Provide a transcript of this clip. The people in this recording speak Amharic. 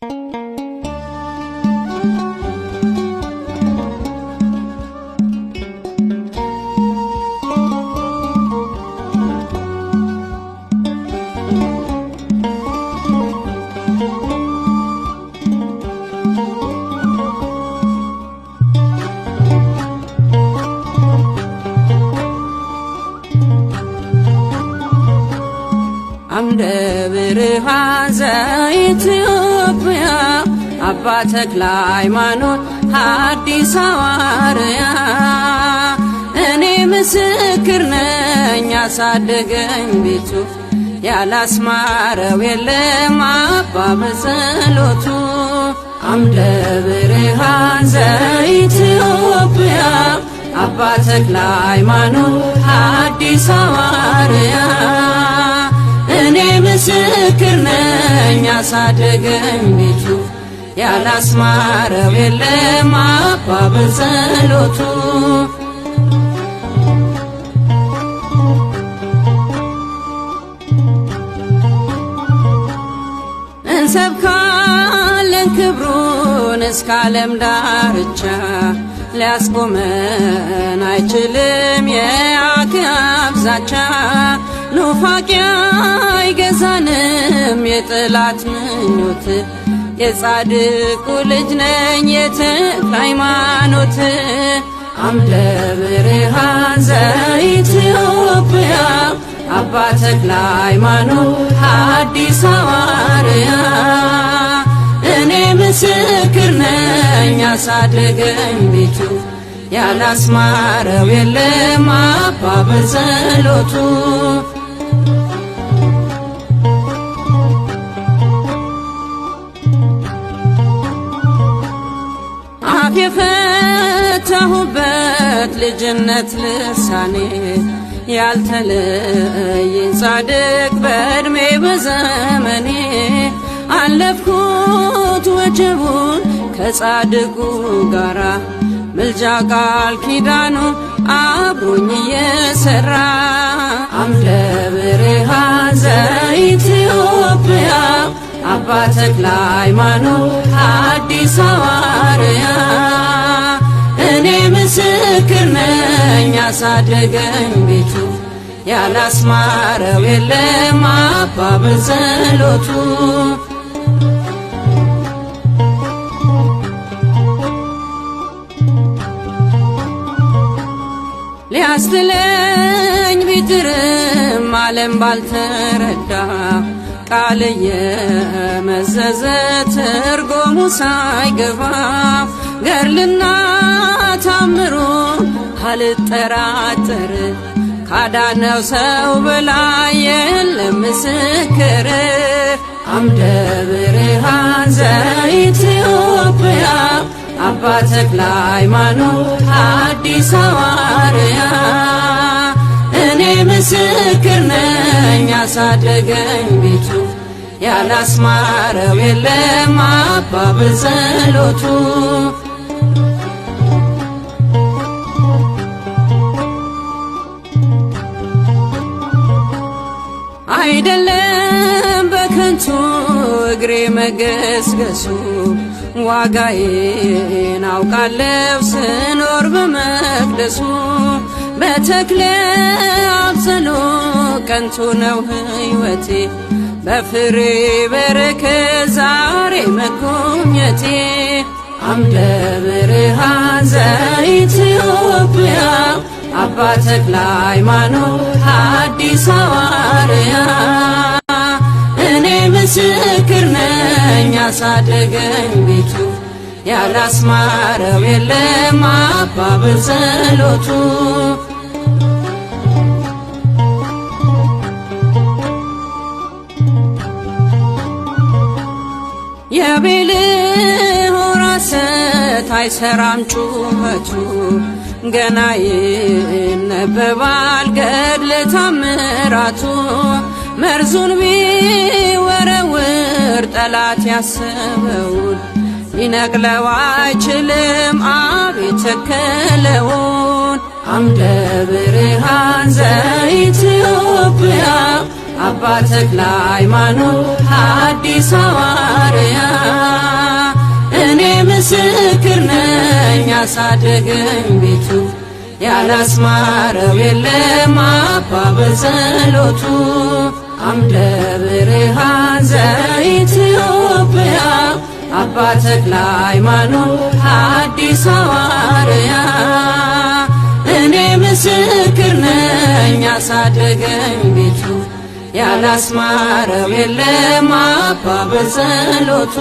Thank you. አምደ ብርሃን ዘኢትዮጵያ አባ ተክለ ሃይማኖት አዲስ አዋርያ እኔ ምስክር ነኝ ያሳደገኝ ቤቱ ያላስማረው የለም አባ በጸሎቱ አምደ ብርሃን ዘኢትዮጵያ አባ ተክለ ሃይማኖት አዲስ አዋርያ ምስክር ነኝ ያሳደገኝ ልጁ ያላስማረው የለም አባ በጸሎቱ እንሰብካለን ክብሩን እስከ ዓለም ዳርቻ ሊያስቆመን አይችልም የአክዓብ ዛቻ ኑፋቄ አይገዛንም የጥላት ምኞት የጻድቁ ልጅ ነኝ የትክ ሃይማኖት አምደ ብርሃን ዘኢትዮጵያ አባ ተክለ ሃይማኖት አዲስ ሐዋርያ እኔ ምስክር ነኝ አሳደገኝ ቤቱ ያላስማረው የለም አባ በጸሎቱ የፈታሁበት ልጅነት ልሳኔ ያልተለየኝ ጻድቅ በዕድሜ በዘመኔ አለፍኩት ወጀቡን ከጻድቁ ጋራ ምልጃ ቃል ኪዳኑ አብሮኝ እየሠራ አምደ ብርሃን ዘኢትዮጵያ አባ ተክለ ሃይማኖት አዲስ ሐዋርያ እኔ ምስክር ነኝ ያሳደገኝ ቤቱ ያላስማረው የለም አባ በጸሎቱ ሊያስትለኝ ቢትርም ዓለም ባልተረዳ ቃል የመዘዘ ትርጉሙ ሳይገባ ገርልና ታምሮ አልጠራጠር ካዳነው ሰው በላይ የለም ምስክር አምደ ብርሃን ዘኢትዮጵያ አባ ተክለ ሃይማኖት አዲስ አዋርያ እኔ ምስክር ነኝ ያሳደገኝ ቤቱ ያላስማረው የለም አባብል ጸሎቱ አይደለም በከንቱ እግሬ መገስገሱ ዋጋዬን አውቃለሁ ስኖር በመቅደሱ በተክለ አብዘሎ ቀንቱ ነው ሕይወቴ በፍሬ በረከት ዛሬ መጎብኘቴ አምደ ብርሃን ዘኢትዮጵያ አባ ተክለ ሃይማኖት አዲስ ሐዋርያ እኔ ምስክር ነኝ ያሳደገኝ ቤቱ ያላስማረው የለም አባ በጸሎቱ የቤልሆራ ሰት አይሰራም ጩኸቱ ገና ይነበባል ገድለ ታምራቱ መርዙን ቢወረውር ጠላት ያሰበውን ሊነቅለው አይችልም አብ የተከለውን አምደ ብርሃን ዘኢትዮጵያ አባ ተክለ ሃይማኖት ሐዲስ ሐዋርያ እኔ ምስክር ነኝ ያሳደገኝ ቤቱ ያላስማረው የለም አባ በጸሎቱ አምደ ብርሃን ዘኢትዮጵያ አባ ተክለ ሃይማኖት ሐዲስ ሐዋርያ እኔ ምስክር ነኝ ያሳደገኝ ያላስማረው የለም አባ በጸሎቱ